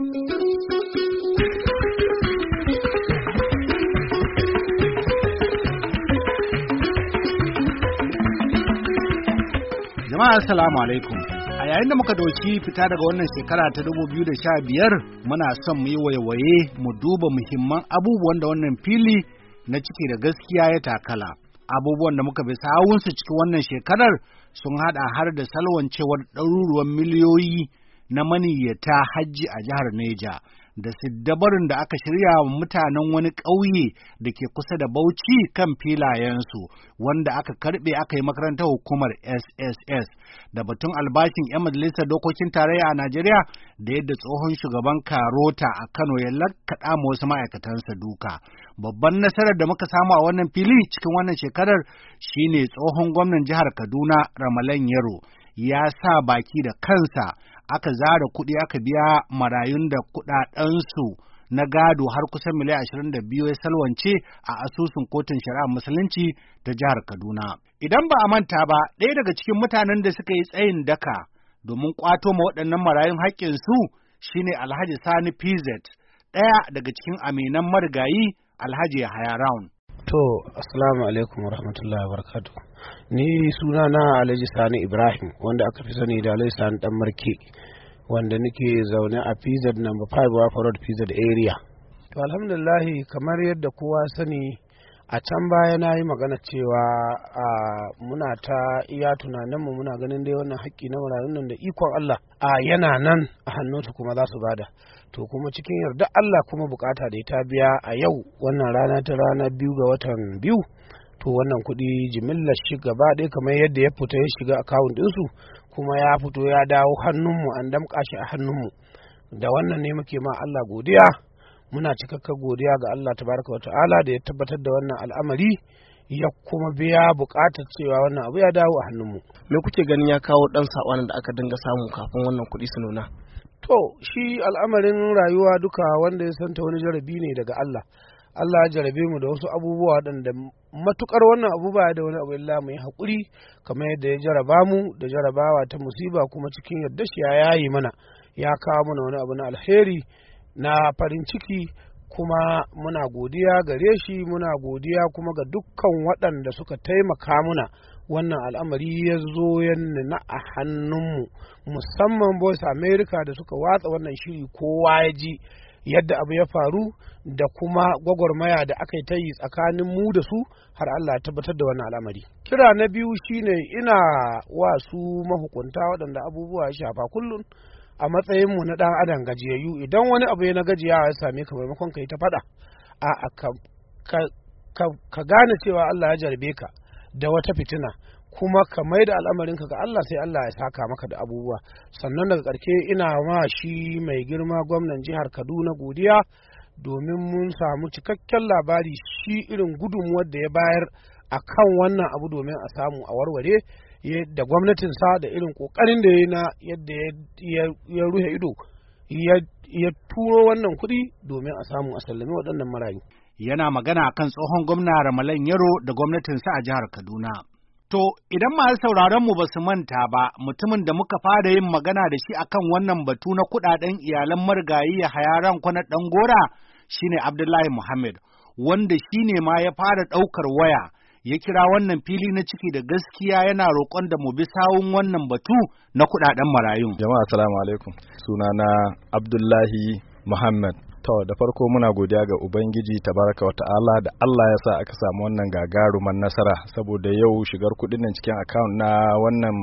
Jama'a Assalamu alaikum. A yayin da muka dauki fita daga wannan shekara ta da sha biyar, muna son mu yi waiwaye mu duba muhimman abubuwan da wannan fili na ciki da gaskiya ya takala. Abubuwan da muka bi sawunsu cikin wannan shekarar sun haɗa har da salwancewar ɗaruruwan miliyoyi na maniyyata hajji a jihar Neja da siddabarin da aka shirya wa mutanen wani ƙauye da ke kusa da Bauchi kan filayensu wanda aka karɓe aka yi makarantar hukumar SSS da batun albashin 'yan majalisar dokokin tarayya a Najeriya da yadda tsohon shugaban Karota a Kano ya lakkaɗa ma wasu ma'aikatansa duka. Babban nasarar da muka samu a wannan fili cikin wannan shekarar shine tsohon gwamnan jihar Kaduna Ramalan Yaro ya sa baki da kansa aka zara kuɗi aka biya marayun da kuɗaɗensu na gado har kusan miliyan ashirin da biyu ya salwance a asusun kotun shari'a musulunci ta jihar Kaduna. Idan ba a manta ba, ɗaya daga cikin mutanen da suka yi tsayin daka domin ƙwato ma waɗannan marayun haƙƙinsu shine Alhaji Sani PZ ɗaya daga cikin aminan marigayi Alhaji Yahaya Round. To, Assalamu alaikum wa rahmatullahi wa barakatuh. ni suna na alhaji sani ibrahim wanda aka fi sani da alhaji sani dan marke wanda nake zaune a pz number 5 wafa road pz area to alhamdulillahi kamar yadda kowa sani a can baya na yi magana cewa a muna ta iya tunaninmu muna ganin dai wannan haƙƙi na marayun nan da ikon Allah a yana nan a hannunta kuma za su bada to kuma cikin yarda Allah kuma bukata da ta biya a yau wannan rana ta rana biyu ga watan biyu to wannan kuɗi jimillar shi gaba ɗaya kamar yadda ya fita ya shiga akawun ɗinsu kuma ya fito ya dawo hannunmu an damƙa shi a hannunmu da wannan ne muke ma Allah godiya muna cikakka godiya ga Allah tabaraka wata'ala da ya tabbatar da wannan al'amari ya kuma biya buƙatar cewa wannan abu ya dawo a hannunmu me kuke ganin ya kawo ɗan sabanin da aka dinga samu kafin wannan kuɗi su nuna to shi al'amarin rayuwa duka wanda ya santa wani jarabi ne daga Allah Allah ya jarabe mu da wasu abubuwa waɗanda matukar wannan abubuwa da wani abu illa mu yi haƙuri kamar yadda ya jaraba mu da jarabawa ta musiba kuma cikin yadda shi ya yayi mana ya kawo mana wani abu na alheri na farin ciki kuma muna godiya gare shi muna godiya kuma ga dukkan waɗanda suka taimaka muna wannan al'amari ya zo na a hannunmu musamman voice america da suka watsa wannan shiri kowa ya ji yadda abu ya faru da kuma gwagwarmaya da aka yi ta yi tsakanin mu da su har Allah ya tabbatar da wani al'amari. Kira na biyu shine ina wa su mahukunta waɗanda abubuwa ya shafa kullum a matsayinmu na ɗan adam gajiyayyu idan wani abu ya na gajiya, ya same ka maimakon ka yi ta faɗa a ka gane cewa Allah ya jarbe ka da wata fitina kuma ka mai da al'amarinka ga Allah sai Allah ya saka maka da abubuwa sannan daga ƙarke ina ma shi mai girma gwamnan jihar Kaduna godiya domin mun samu cikakken labari shi irin gudunmuwar da ya bayar a kan wannan abu domin a samu a warware da gwamnatinsa da irin ƙoƙarin da ya na yadda ya ruhe ido ya turo wannan kuɗi domin a samu a sallami waɗannan marayu. Yana magana kan tsohon gwamna Ramalan Yaro da gwamnatinsa a jihar Kaduna. To, idan masu sauraron mu ba su manta ba, mutumin da muka fara yin magana da shi akan wannan batu na kudaden iyalan marigayi ya hayaran kwana ɗan gora shine Abdullahi Muhammad, wanda shi ne ma ya fara ɗaukar waya, ya kira wannan fili na ciki da gaskiya yana roƙon da mu bi sawun wannan batu na kudaden marayun. Jama'a assalamu alaikum. Sunana Abdullahi Muhammad To da farko muna godiya ga Ubangiji tabaraka wa ta'ala da Allah ya sa aka samu wannan gagaruman nasara saboda yau shigar kudin nan cikin account na wannan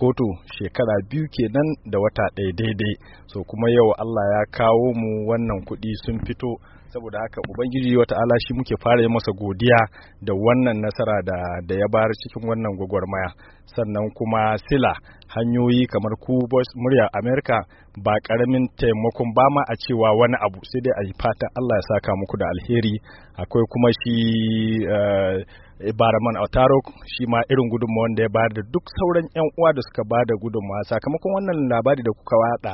kotu shekara biyu kenan da wata ɗaya daidai so kuma yau Allah ya kawo mu wannan kuɗi sun fito saboda haka ubangiji wata ala shi muke fara yi masa godiya da wannan nasara da da ya bar cikin wannan gwagwarmaya sannan kuma sila hanyoyi kamar ku voice murya america ba karamin taimakon ba ma a cewa wani abu sai dai a yi fatan allah ya saka muku da alheri akwai kuma shi Ibaraman eh, autarok shi ma irin gudunmu wanda ya bayar da duk sauran yan uwa da suka bada gudunmawa sakamakon wannan labari da kuka watsa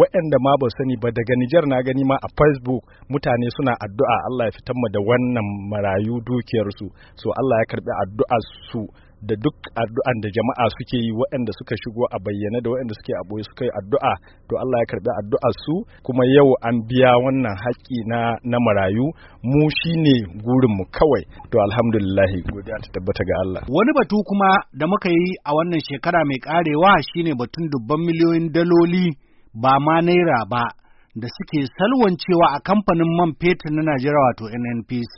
waɗanda ma ba sani ba daga Nijar na gani ma a Facebook mutane suna addu'a Allah ya fitar mu da wannan marayu dukiyarsu so Allah ya karbi addu'ar su da duk addu'an da jama'a suke yi waɗanda suka shigo a bayyane da waɗanda suke a boye suka yi addu'a to Allah ya karɓi addu'ar su kuma yau an biya wannan haƙƙi na na marayu mu shine gurin mu kawai to alhamdulillah godiya ta tabbata ga Allah wani batu kuma da muka yi a wannan shekara mai karewa shine batun dubban miliyoyin daloli ba ma naira ba da suke salwancewa a kamfanin man fetur na Najeriya wato NNPC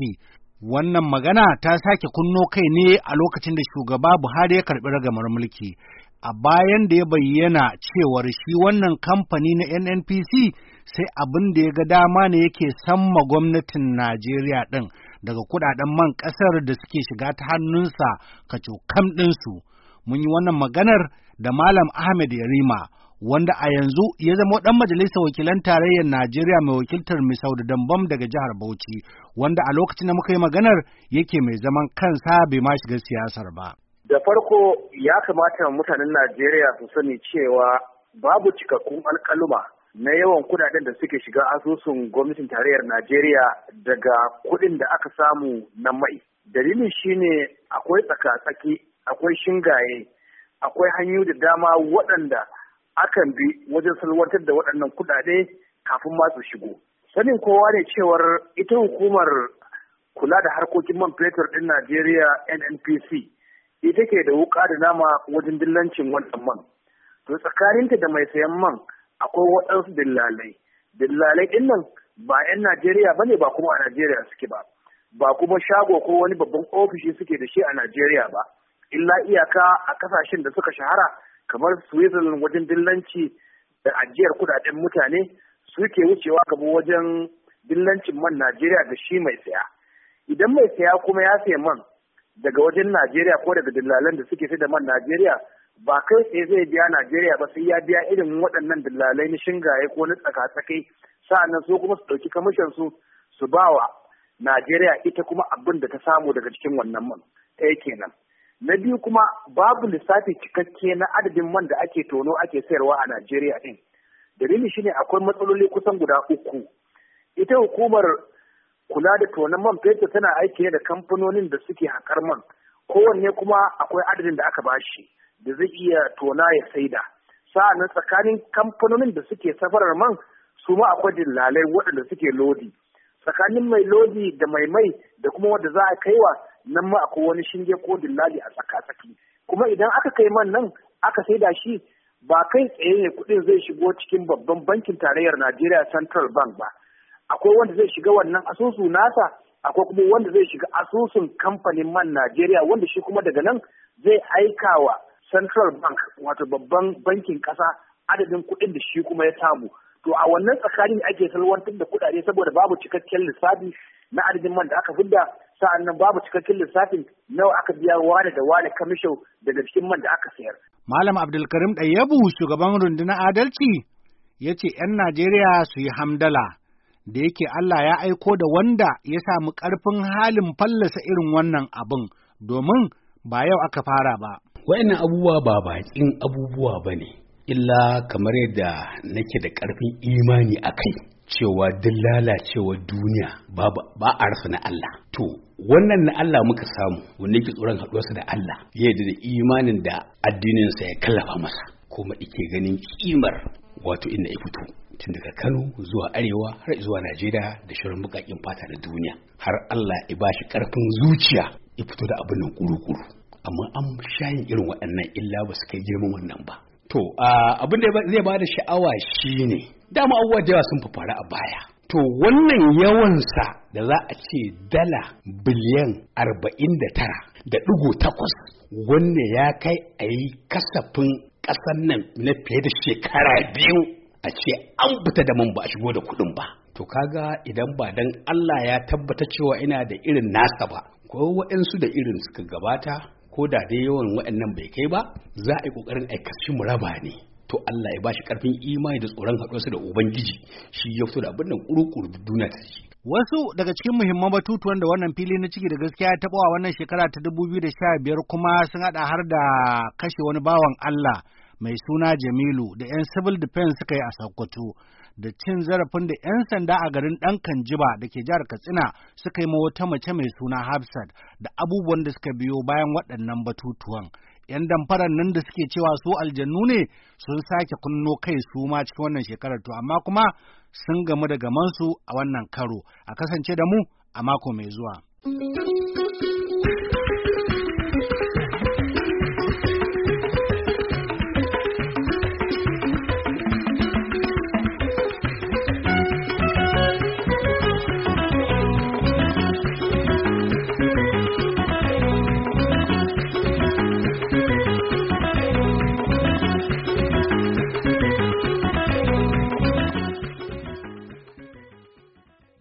Wannan magana ta sake kunno kai ne a lokacin da shugaba Buhari ya karbi ragamar mulki, a bayan da ya bayyana cewar shi wannan kamfani na NNPC sai abin da ya ga dama ne yake samma gwamnatin Najeriya ɗin daga kuɗaɗen man ƙasar da suke shiga ta hannunsa kacokam ɗinsu. Mun yi wannan maganar da Malam Ahmed Yarima. wanda a yanzu ya zama ɗan majalisar wakilan tarayyar Najeriya mai wakiltar Misau da Dambam daga jihar Bauchi, wanda a lokacin da muka yi maganar yake mai zaman kansa bai ma shiga siyasar ba. Da farko ya kamata mutanen Najeriya su sani cewa babu cikakkun alkaluma na yawan kudaden da suke shiga asusun gwamnatin tarayyar Najeriya daga kuɗin da aka samu na mai. Dalilin shine akwai tsaka-tsaki, akwai shingaye, akwai hanyoyi da dama waɗanda akan bi wajen salwantar da waɗannan kuɗaɗe kafin ma su shigo. Sanin kowa ne cewar ita hukumar kula da harkokin man fetur ɗin Najeriya NNPC ita ke da wuƙa da nama wajen dillancin wannan man. To tsakaninta da mai sayan man akwai waɗansu dillalai. Dillalai ɗin nan ba 'yan Najeriya ba ne ba kuma a Najeriya suke ba. Ba kuma shago ko wani babban ofishi suke da shi a Najeriya ba. Illa iyaka a ƙasashen da suka shahara kamar switzerland wajen dillanci da ajiyar kudaden mutane suke wucewa kamar wajen dillancin man najeriya da shi mai saya idan mai saya kuma ya saya man daga wajen najeriya ko daga dillalan da suke sai da man najeriya ba kai sai zai biya najeriya ba sai ya biya irin waɗannan dillalai na shingaye ko na tsaka-tsakai sa'annan su kuma su ɗauki kamishin su su bawa najeriya ita kuma abin da ta samu daga cikin wannan man ɗaya kenan na biyu kuma babu lissafi cikakke na adadin man da ake tono ake sayarwa a najeriya din dalili shine akwai matsaloli kusan guda uku ita hukumar kula da tonon man fetur tana aiki ne da kamfanonin da suke haƙar man kowanne kuma akwai adadin da aka bashi da zai iya tona ya saida sa'annan tsakanin kamfanonin da suke safarar man su ma akwai dillalai waɗanda suke lodi tsakanin mai lodi da mai mai da kuma wanda za a kaiwa nan ma akwai wani shinge ko dillali a tsaka-tsaki kuma idan aka kai man nan aka saida shi ba kai tsaye ne kuɗin zai shigo cikin babban bankin tarayyar Najeriya Central Bank ba akwai wanda zai shiga wannan asusu nasa akwai kuma wanda zai shiga asusun kamfanin man Najeriya wanda shi kuma daga nan zai aika wa Central Bank wato babban bankin ƙasa adadin kuɗin da shi kuma ya samu to a wannan tsakanin ake salwantar da kuɗaɗe saboda babu cikakken lissafi na adadin man da aka fidda sa'annan babu cikakken lissafin nawa aka biya wane da wane kamisho daga cikin man da aka sayar. Malam Abdulkarim Ɗayyabu shugaban rundunar adalci ya ce ‘yan Najeriya su yi hamdala da yake Allah ya aiko da wanda ya samu ƙarfin halin fallasa irin wannan abin domin ba yau aka fara ba. Wa'annan abubuwa ba bakin abubuwa ba ne, illa kamar yadda nake da ƙarfin imani a kai. cewa duk lalacewar duniya ba a rasa na Allah. To, wannan na Allah muka samu wanda yake tsoron haɗuwarsa da Allah ya yi da imanin da addininsa ya kallafa masa kuma ike ganin kimar wato inda ya fito tun daga Kano zuwa Arewa har zuwa Najeriya da shirin bukakin fata da duniya har Allah ya bashi karfin zuciya ya fito da abin nan kuru-kuru amma an shayin irin waɗannan illa ba su kai girman wannan ba to ah, abin da zai ba da sha'awa shine dama abubuwa da yawa sun fara a baya To wannan yawansa da za a ce dala biliyan arba'in da tara da ɗigo takwas wanda ya kai a yi kasafin ƙasar nan na fiye da shekara biyu a ce an fita da man ba a shigo da kuɗin ba. To kaga idan ba dan Allah ya tabbata cewa ina da irin nasa ba, ko waɗansu da irin suka gabata ko da dai yawan waɗannan bai kai ba za a yi ƙoƙarin aikaci raba ne. to Allah ya bashi karfin imani da tsoron haɗuwarsa da ubangiji shi ya fito da abin nan kurukuru duniya ta ji Wasu daga cikin muhimman batutuwan da wannan fili na ciki da gaskiya ya taɓa wannan shekara ta 2015 kuma sun haɗa har da kashe wani bawan Allah mai suna Jamilu da 'yan civil defense suka yi a Sokoto da cin zarafin da 'yan sanda a garin ɗan Kanjiba da ke jihar Katsina suka yi ma wata mace mai suna Hafsat da abubuwan da suka biyo bayan waɗannan batutuwan. 'yan damfaran nan da suke cewa su aljannu ne sun sake kunno kai su ma cikin wannan shekarar to amma kuma sun gamu da gamansu a wannan karo a kasance da mu a mako mai zuwa.